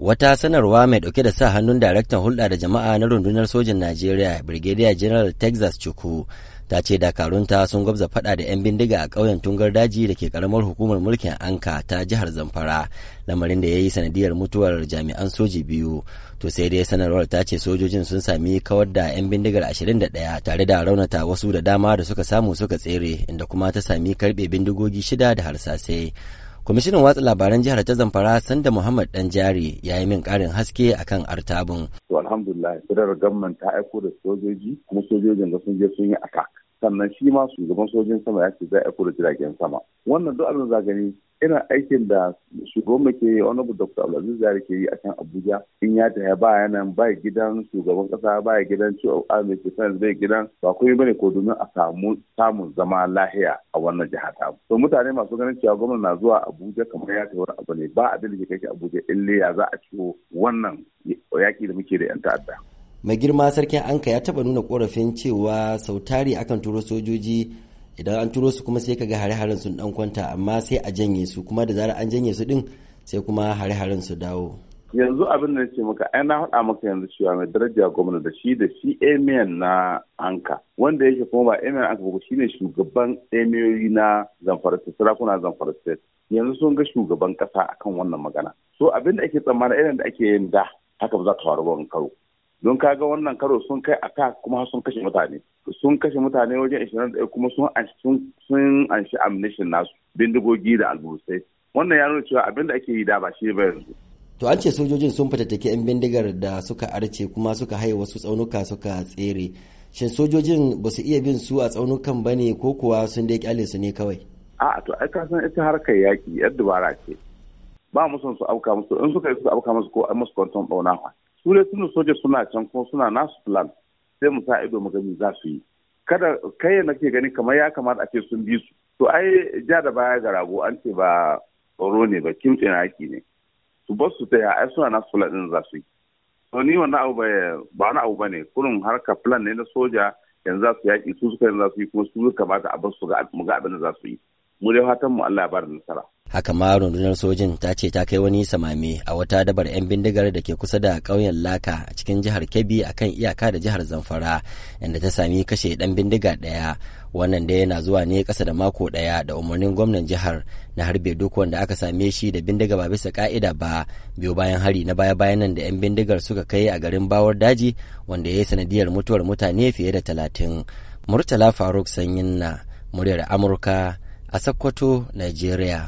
Wata sanarwa mai ɗauke da sa hannun daraktan hulɗa da jama'a na rundunar sojin Najeriya Brigadier General Texas Chukwu ta ce dakarunta sun gwabza fada da 'yan bindiga a ƙauyen tungar daji da ke karamar hukumar mulkin anka ta jihar zamfara lamarin da ya yi sanadiyar mutuwar jami'an soji biyu to sai dai sanarwar ta ce sojojin sun sami kawar da 'yan bindigar 21 tare da raunata wasu da dama da suka samu suka tsere inda kuma ta sami karɓe bindigogi shida da harsasai kwamishinan watsa labaran jihar ta zamfara sanda muhammad dan jari ya yi min karin haske akan artabun to alhamdulillah sadar government ta aiko da sojoji kuma sojojin da sun je sun yi attack sannan shi ma shugaban sojin sama ya ce za a da jiragen sama wannan duk abin zagani ina aikin da shugaban mu ke yi wani bu dr abdulaziz zari ke yi a can abuja in ya tafi ba yana ba gidan shugaban kasa ba gidan ciwo a mai ke sanar zai gidan ba kuma bane ko domin a samu samun zama lahiya a wannan jiha ta to mutane masu ganin cewa gwamnati na zuwa abuja kamar ya tafi wani abu ne ba abin da ke abuja ille ya za a ciwo wannan yaki da muke da yan ta'adda mai girma sarkin anka ya taba nuna korafin cewa sautari akan turo sojoji idan an turo su kuma sai ka ga hare-haren sun dan kwanta amma sai a janye su kuma da zarar an janye su din sai kuma hare-haren su dawo yanzu abin da ce maka ai na hada maka yanzu cewa mai daraja gwamna da shi da shi emiyan na anka wanda yake kuma ba emiyan anka ba shine shugaban emiyoyi na zamfara sarakuna zamfara state yanzu sun ga shugaban kasa akan wannan magana so abin da ake tsammanin irin da ake yin da haka ba za ta faru ba karo don kaga wannan karo sun kai a ka kuma sun kashe mutane sun kashe mutane wajen da kuma sun anshi amnishin nasu bindigogi da albusai wannan ya nuna cewa abin da ake yi da ba shi ba yanzu to an ce sojojin sun fatattaki 'yan bindigar da suka arce kuma suka haye wasu tsaunuka suka tsere shin sojojin ba su iya bin su a tsaunukan ba ne ko kuwa sun dai kyale su ne kawai a to ai ka san ita harkar yaki yar dubara ce ba mu son su auka musu in suka yi su auka musu ko an musu kwanton bauna su dai soja suna can kuma suna nasu plan sai mu sa ido mu gani za su yi kada kai nake gani kamar ya kamata a ce sun bi su to ai ja da baya ga rago an ce ba tsoro ne ba kimtse na haƙi ne su bar su taya ai suna nasu plan din za su yi to ni wannan abu ba wani abu bane kurin harka plan ne na soja yanzu za su yaƙi su suka yanzu za su yi kuma su kamata a bar su ga abin da za su yi mu dai fatan mu Allah ya bada nasara haka ma rundunar sojin ta ce ta kai wani samami a wata dabar 'yan bindigar da ke kusa da ƙauyen laka a cikin jihar kebbi a kan iyaka da jihar zamfara inda ta sami kashe ɗan bindiga ɗaya wannan da yana zuwa ne kasa da mako ɗaya da umarnin gwamnan jihar na harbe duk wanda aka same shi da bindiga ba bisa ka'ida ba biyo bayan hari na baya bayan nan da 'yan bindigar suka kai a garin bawar daji wanda ya yi sanadiyar mutuwar mutane fiye da talatin murtala faruk sanyin na muryar amurka a sokoto nigeria